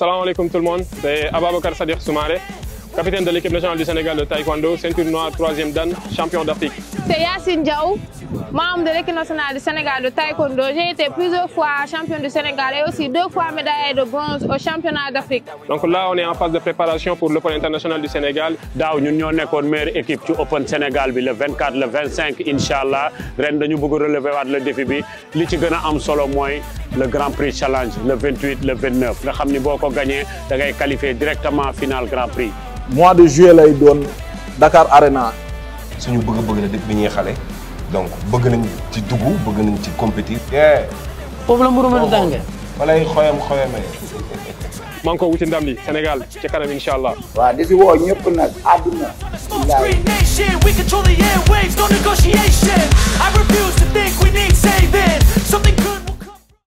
salaamaaleykum tout le monde c'est Ababacar Sadikh Soumaré capitaine de l'équipe nationale du Sénégal de taekwondo, ceinture noire, troisième dan, de l'équipe nationale du Sénégal de taekwondo. J'ai été plusieurs fois champion du Sénégal et aussi deux fois médaillé de bronze au championnat d'Afrique. Donc là, on est en phase de préparation pour l'Open international du Sénégal. Daaw ñun ñoo nekkoon meilleure équipe ci le 24 le 25 incha allah ren dañu bëgg xam ni boo ko gagné da ngay qualifier directement final Grand mois de juillet lay doon Dakar Arena. suñu bëgg-bëgg la dëkk bi ñuy xale donc bëgg nañ ci dugg bëgg nañ ci compétir. foofu la mburum lu dànge. walay xoyam xoyame. maa ngi ko wuti ndam li Sénégal ci kanam incha allah. waaw di si woo ñëpp nag àdduna.